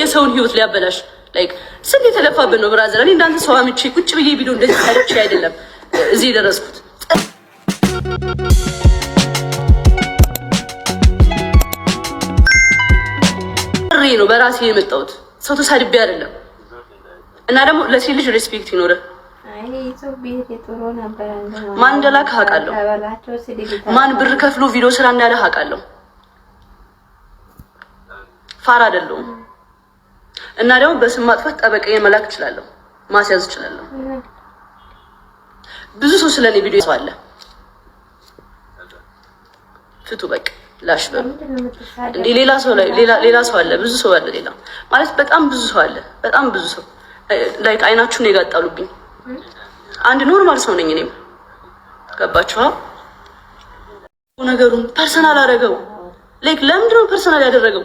የሰውን ህይወት ሊያበላሽ ላይክ ስንት የተለፋብን ነው ብራዘር። እኔ እንዳንተ ሰው አምቼ ቁጭ ብዬ ቪዲዮ እንደዚህ ታሪቼ አይደለም እዚህ የደረስኩት። ጥሬ ነው በራሴ የመጣሁት ሰው ተሳድቤ አይደለም። እና ደግሞ ለሴት ልጅ ሬስፔክት ይኖረ ማን እንደላከ አውቃለሁ። ማን ብር ከፍሎ ቪዲዮ ስራ እንዳለ አውቃለሁ። ፋራ አይደለሁም። እና ደግሞ በስም ማጥፋት ጠበቀኝ መላክ እችላለሁ፣ ማስያዝ እችላለሁ። ብዙ ሰው ስለኔ ቪዲዮ ይሰዋለ። ፍቱ በቃ ላሽ እንዴ። ሌላ ሰው ላይ ሌላ ሌላ ሰው አለ፣ ብዙ ሰው አለ። ሌላ ማለት በጣም ብዙ ሰው አለ፣ በጣም ብዙ ሰው ላይክ አይናችሁን የጋጣሉብኝ። አንድ ኖርማል ሰው ነኝ እኔም። ገባችኋ? ነገሩን ፐርሰናል አደረገው። ላይክ ለምንድን ነው ፐርሰናል ያደረገው?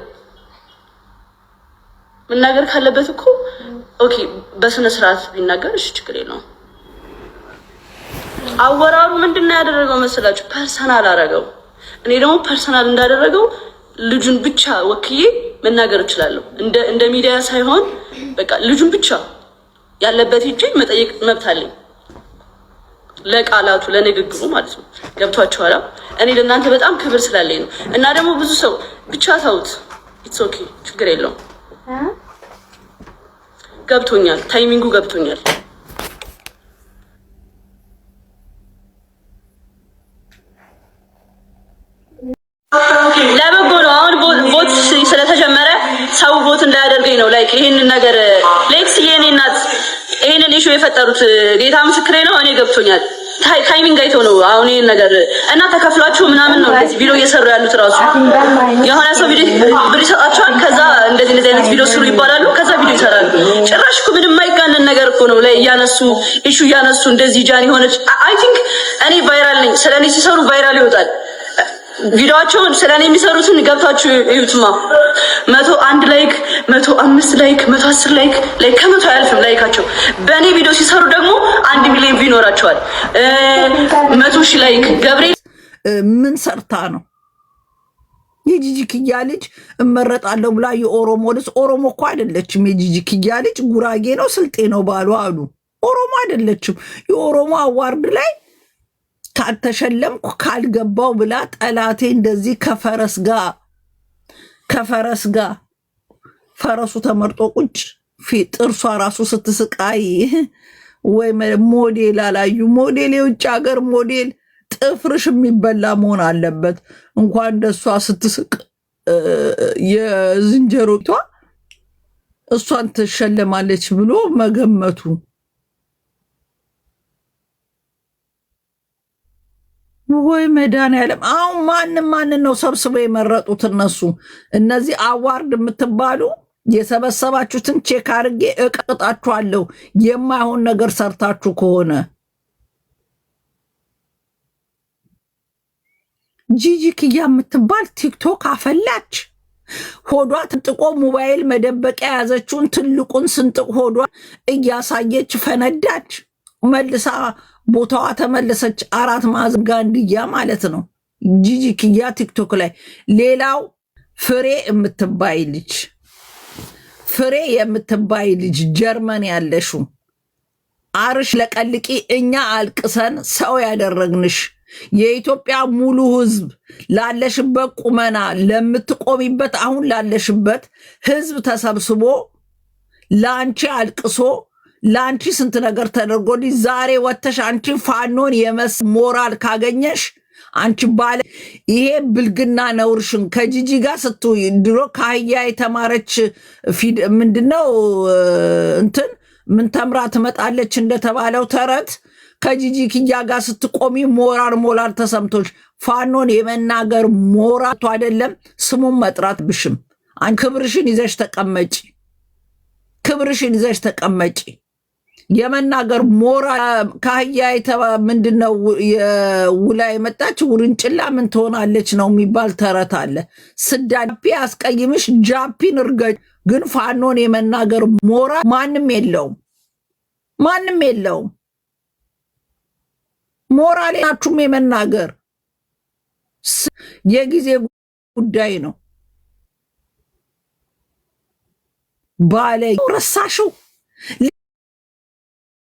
መናገር ካለበት እኮ ኦኬ በስነ ስርዓት ቢናገር እሺ፣ ችግር የለውም። አወራሩ ምንድን ነው ያደረገው መሰላችሁ? ፐርሰናል አረገው። እኔ ደግሞ ፐርሰናል እንዳደረገው ልጁን ብቻ ወክዬ መናገር እችላለሁ፣ እንደ ሚዲያ ሳይሆን በቃ ልጁን ብቻ ያለበት ሂጄ መጠየቅ መብት አለኝ። ለቃላቱ ለንግግሩ ማለት ነው። ገብቷችኋል? እኔ ለእናንተ በጣም ክብር ስላለኝ ነው። እና ደግሞ ብዙ ሰው ብቻ ተውት፣ ኢትስ ኦኬ ችግር የለውም። ገብቶኛል፣ ታይሚንጉ ገብቶኛል። ለበጎ ነው። አሁን ቦት ስለተጀመረ ሰው ቦት እንዳያደርገኝ ነው። ላይክ ይሄንን ነገር ሌክስ የኔ እናት ይሄንን ኢሹ የፈጠሩት ጌታ ምስክሬ ነው። እኔ ገብቶኛል። ታይሚንግ ጋይቶ ነው አሁን ይሄን ነገር እና ተከፍላችሁ ምናምን ነው እንደዚህ ቪዲዮ እየሰሩ ያሉት። ራሱ የሆነ ሰው ቪዲዮ ብር ይሰጣቸዋል። ከዛ እንደዚህ እንደዚህ አይነት ቪዲዮ ስሩ ይባላሉ። ከዛ ቪዲዮ ይሰራሉ። ጭራሽ እኮ ምንም የማይጋነን ነገር እኮ ነው ላይ እያነሱ እሹ እያነሱ እንደዚህ ጃን የሆነች አይ ቲንክ እኔ ቫይራል ነኝ ስለኔ ሲሰሩ ቫይራል ይወጣል። ቪዲዮቸውን ስለ እኔ የሚሰሩትን ገብታችሁ እዩትማ። መቶ አንድ ላይክ፣ መቶ አምስት ላይክ፣ መቶ አስር ላይክ ላይ ከመቶ አያልፍም ላይካቸው። በእኔ ቪዲዮ ሲሰሩ ደግሞ አንድ ሚሊዮን ቪው ይኖራቸዋል። መቶ ሺ ላይክ። ገብርኤል ምን ሰርታ ነው የጂጂ ክያ ልጅ እመረጣለሁ ብላ የኦሮሞ ልጅ ኦሮሞ እኮ አይደለችም። የጂጂ ክያ ልጅ ጉራጌ ነው ስልጤ ነው ባሉ አሉ። ኦሮሞ አይደለችም። የኦሮሞ አዋርድ ላይ ካልተሸለምኩ ካልገባው ብላ ጠላቴ እንደዚህ ከፈረስ ጋር ከፈረስ ጋር ፈረሱ ተመርጦ ቁጭ ጥርሷ ራሱ ስትስቃይ ወይ ሞዴል አላዩ ሞዴል የውጭ ሀገር ሞዴል ጥፍርሽ የሚበላ መሆን አለበት። እንኳን እንደሷ ስትስቅ የዝንጀሮቷ እሷን ትሸለማለች ብሎ መገመቱ ወይ መድኃኒዓለም አሁን ማንም ማንን ነው ሰብስበው የመረጡት? እነሱ እነዚህ አዋርድ የምትባሉ የሰበሰባችሁትን ቼክ አድርጌ እቀጣችኋለሁ፣ የማይሆን ነገር ሰርታችሁ ከሆነ። ጂጂ ክያ የምትባል ቲክቶክ አፈላች። ሆዷ ትንጥቆ ሞባይል መደበቂያ የያዘችውን ትልቁን ስንጥቅ ሆዷ እያሳየች ፈነዳች። መልሳ ቦታዋ ተመለሰች። አራት ማዕዘን ጋንድያ ማለት ነው። ጂጂ ክያ ቲክቶክ ላይ ሌላው ፍሬ የምትባይ ልጅ ፍሬ የምትባይ ልጅ ጀርመን ያለሹ አርሽ ለቀልቂ እኛ አልቅሰን ሰው ያደረግንሽ የኢትዮጵያ ሙሉ ህዝብ ላለሽበት ቁመና ለምትቆሚበት አሁን ላለሽበት ህዝብ ተሰብስቦ ለአንቺ አልቅሶ ለአንቺ ስንት ነገር ተደርጎልሽ ዛሬ ወተሽ አንቺ ፋኖን የመስ ሞራል ካገኘሽ አንቺ ባለ ይሄ ብልግና ነውርሽን ከጂጂ ጋር ስት ድሮ ከአህያ የተማረች ምንድነው እንትን ምን ተምራ ትመጣለች እንደተባለው ተረት ከጂጂ ክያ ጋር ስትቆሚ ሞራል ሞራል ተሰምቶች ፋኖን የመናገር ሞራቱ አይደለም ስሙን መጥራት ብሽም ክብርሽን ይዘሽ ተቀመጪ ክብርሽን ይዘሽ ተቀመጪ። የመናገር ሞራ ካህያ የተባ ምንድነው ውላ የመጣች ውርንጭላ ምን ትሆናለች ነው የሚባል ተረት አለ። ስዳፒ አስቀይምሽ ጃፒን እርገጭ። ግን ፋኖን የመናገር ሞራ ማንም የለውም፣ ማንም የለውም። ሞራሌናችሁም የመናገር የጊዜ ጉዳይ ነው። ባለ ረሳሽው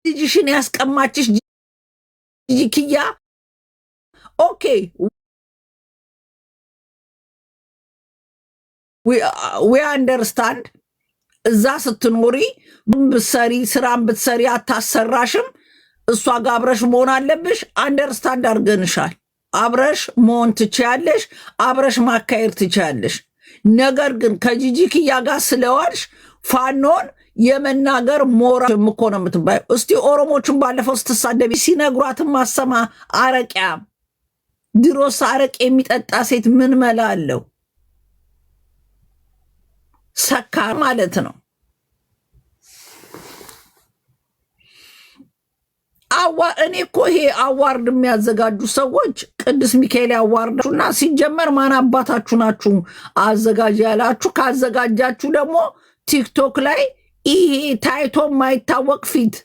ልጅሽን ያስቀማችሽ ጂጂክያ ኦኬ ዊ አንደርስታንድ እዛ ስትኖሪ ብትሰሪ ስራን ብትሰሪ አታሰራሽም። እሷ ጋር አብረሽ መሆን አለብሽ። አንደርስታንድ አድርገንሻል። አብረሽ መሆን ትችያለሽ። አብረሽ ማካሄድ ትችያለሽ። ነገር ግን ከጂጂክያ ጋር ስለዋልሽ ፋኖን የመናገር ሞራ እኮ ነው የምትባየው። እስቲ ኦሮሞቹን ባለፈው ስትሳደቢ ሲነግሯትም ማሰማ አረቂያ ድሮስ አረቅ የሚጠጣ ሴት ምን መላ አለው? ሰካር ማለት ነው። አዋ እኔ እኮ ይሄ አዋርድ የሚያዘጋጁ ሰዎች ቅዱስ ሚካኤል ያዋርዳችሁና፣ ሲጀመር ማን አባታችሁ ናችሁ አዘጋጅ ያላችሁ? ካዘጋጃችሁ ደግሞ ቲክቶክ ላይ ይሄ ታይቶ የማይታወቅ ፊት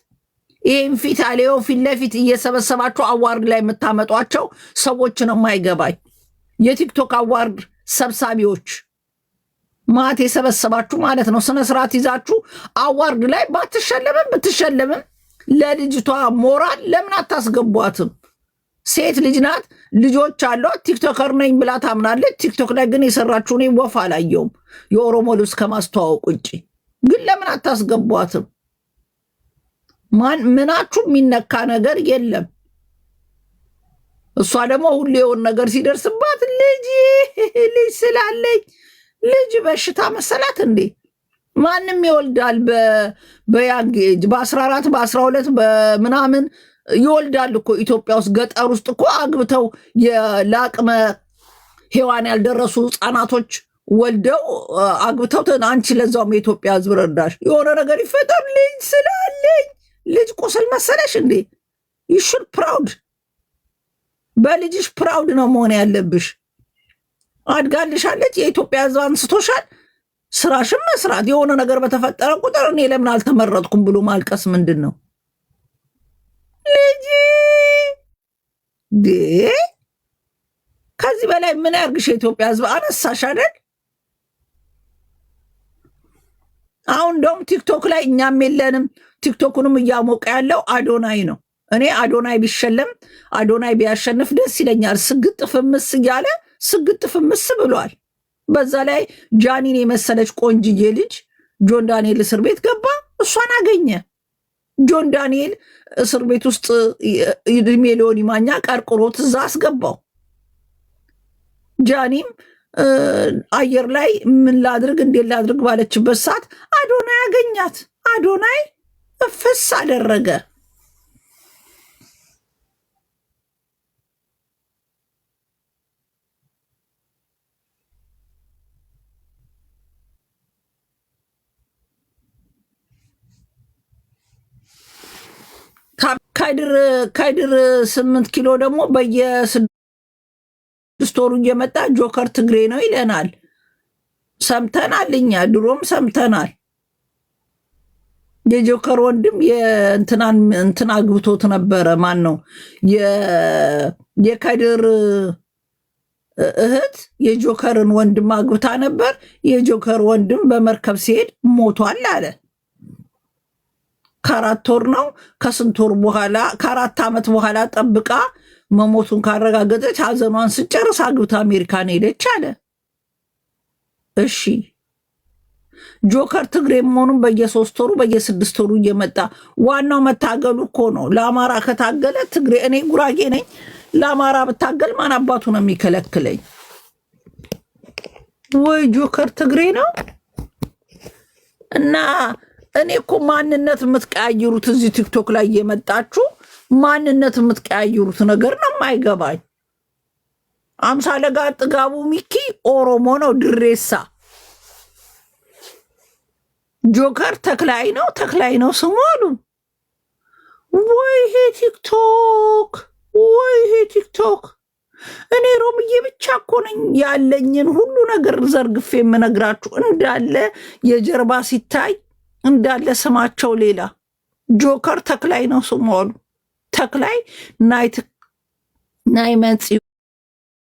ይህም ፊት አሌዮ ፊት ለፊት እየሰበሰባቸው አዋርድ ላይ የምታመጧቸው ሰዎች ነው የማይገባኝ። የቲክቶክ አዋርድ ሰብሳቢዎች ማት የሰበሰባችሁ ማለት ነው። ስነስርዓት ይዛችሁ አዋርድ ላይ ባትሸለምም ብትሸለምም ለልጅቷ ሞራል ለምን አታስገቧትም? ሴት ልጅ ናት፣ ልጆች አሏት። ቲክቶከር ነኝ ብላ ታምናለች። ቲክቶክ ላይ ግን የሰራችሁን ወፍ አላየውም፣ የኦሮሞ ልብስ ከማስተዋወቅ ውጭ ግን ለምን አታስገቧትም? ምናችሁ የሚነካ ነገር የለም። እሷ ደግሞ ሁሌውን ነገር ሲደርስባት ልጅ ልጅ ስላለኝ ልጅ በሽታ መሰላት እንዴ? ማንም ይወልዳል በያንግ በ14 በ12 በምናምን ይወልዳል እኮ ኢትዮጵያ ውስጥ ገጠር ውስጥ እኮ አግብተው ለአቅመ ሔዋን ያልደረሱ ህፃናቶች ወልደው አግብተው አንቺ ለዛውም የኢትዮጵያ ህዝብ ረዳሽ የሆነ ነገር ይፈጠር ልጅ ስላለኝ ልጅ ቁስል መሰለሽ እንዴ? ይሹድ ፕራውድ በልጅሽ ፕራውድ ነው መሆን ያለብሽ። አድጋልሻለች። የኢትዮጵያ ህዝብ አንስቶሻል። ስራሽም መስራት የሆነ ነገር በተፈጠረ ቁጥር እኔ ለምን አልተመረጥኩም ብሎ ማልቀስ ምንድን ነው? ልጅ ከዚህ በላይ ምን ያርግሽ? የኢትዮጵያ ህዝብ አነሳሽ አይደል? አሁን እንደውም ቲክቶክ ላይ እኛም የለንም። ቲክቶኩንም እያሞቀ ያለው አዶናይ ነው። እኔ አዶናይ ቢሸለም አዶናይ ቢያሸንፍ ደስ ይለኛል። ስግጥ ፍምስ እያለ ስግጥ ፍምስ ብሏል። በዛ ላይ ጃኒን የመሰለች ቆንጅዬ ልጅ ጆን ዳንኤል እስር ቤት ገባ፣ እሷን አገኘ። ጆን ዳንኤል እስር ቤት ውስጥ እድሜ ሊሆን ይማኛ ቀርቅሮት እዛ አስገባው። ጃኒም አየር ላይ ምን ላድርግ እንዴት ላድርግ ባለችበት ሰዓት አዶናይ አገኛት። አዶናይ እፍስ አደረገ። ከድር ስምንት ኪሎ ደግሞ በየስ ስቶሩ እየመጣ ጆከር ትግሬ ነው ይለናል። ሰምተናል፣ እኛ ድሮም ሰምተናል። የጆከር ወንድም የእንትናን እንትን አግብቶት ነበረ። ማን ነው የከድር እህት የጆከርን ወንድም አግብታ ነበር። የጆከር ወንድም በመርከብ ሲሄድ ሞቷል አለ። ከአራት ወር ነው ከስንት ወር በኋላ ከአራት ዓመት በኋላ ጠብቃ መሞቱን ካረጋገጠች ሀዘኗን ስጨርስ አግብታ አሜሪካን ሄደች አለ። እሺ ጆከር ትግሬ መሆኑን በየሶስት ወሩ በየስድስት ወሩ እየመጣ ዋናው መታገሉ እኮ ነው። ለአማራ ከታገለ ትግሬ፣ እኔ ጉራጌ ነኝ። ለአማራ ብታገል ማን አባቱ ነው የሚከለክለኝ? ወይ ጆከር ትግሬ ነው እና እኔ እኮ ማንነት የምትቀያየሩት እዚህ ቲክቶክ ላይ እየመጣችሁ ማንነት የምትቀያይሩት ነገር ነው የማይገባኝ። አምሳ ለጋ ጥጋቡ ሚኪ ኦሮሞ ነው፣ ድሬሳ ጆከር ተክላይ ነው፣ ተክላይ ነው ስሙ አሉ። ወይ ይሄ ቲክቶክ፣ ወይ ይሄ ቲክቶክ። እኔ ሮምዬ ብቻ እኮ ነኝ ያለኝን ሁሉ ነገር ዘርግፌ የምነግራችሁ እንዳለ የጀርባ ሲታይ እንዳለ ስማቸው ሌላ ጆከር ተክላይ ነው ስሙ አሉ። chocolade. Night. mensen.